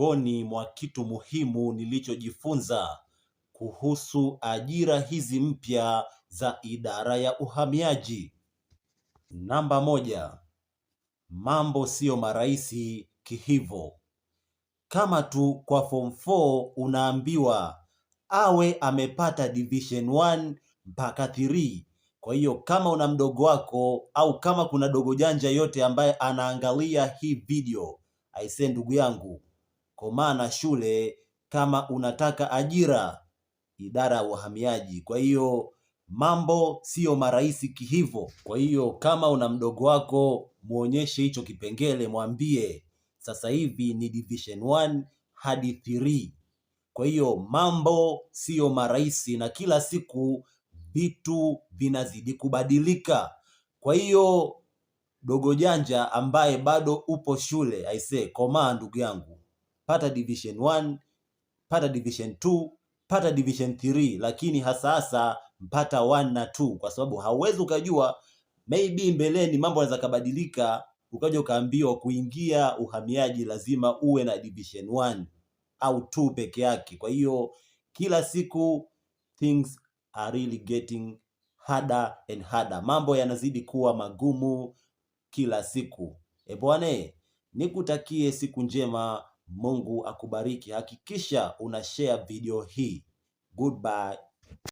miongoni mwa kitu muhimu nilichojifunza kuhusu ajira hizi mpya za idara ya uhamiaji. Namba moja, mambo siyo marahisi kihivo. Kama tu kwa form 4 unaambiwa awe amepata division 1 mpaka 3. Kwa hiyo kama una mdogo wako au kama kuna dogo janja yote ambaye anaangalia hii video, aisee, ndugu yangu komaa na shule kama unataka ajira idara ya uhamiaji. Kwa hiyo mambo siyo marahisi kihivyo. Kwa hiyo kama una mdogo wako muonyeshe hicho kipengele, mwambie sasa hivi ni division 1 hadi 3. Kwa hiyo mambo siyo marahisi, na kila siku vitu vinazidi kubadilika. Kwa hiyo dogo janja ambaye bado upo shule, aisee, komaa ndugu yangu pata division 1, pata division 2, pata division 3, lakini hasa hasa mpata 1 na 2, kwa sababu hauwezi ukajua, maybe mbeleni mambo yanaweza kabadilika, ukaja ukaambiwa kuingia uhamiaji lazima uwe na division 1 au 2 peke yake. Kwa hiyo kila siku things are really getting harder and harder, mambo yanazidi kuwa magumu kila siku. Ebwane, nikutakie siku njema Mungu akubariki. Hakikisha una share video hii. Goodbye.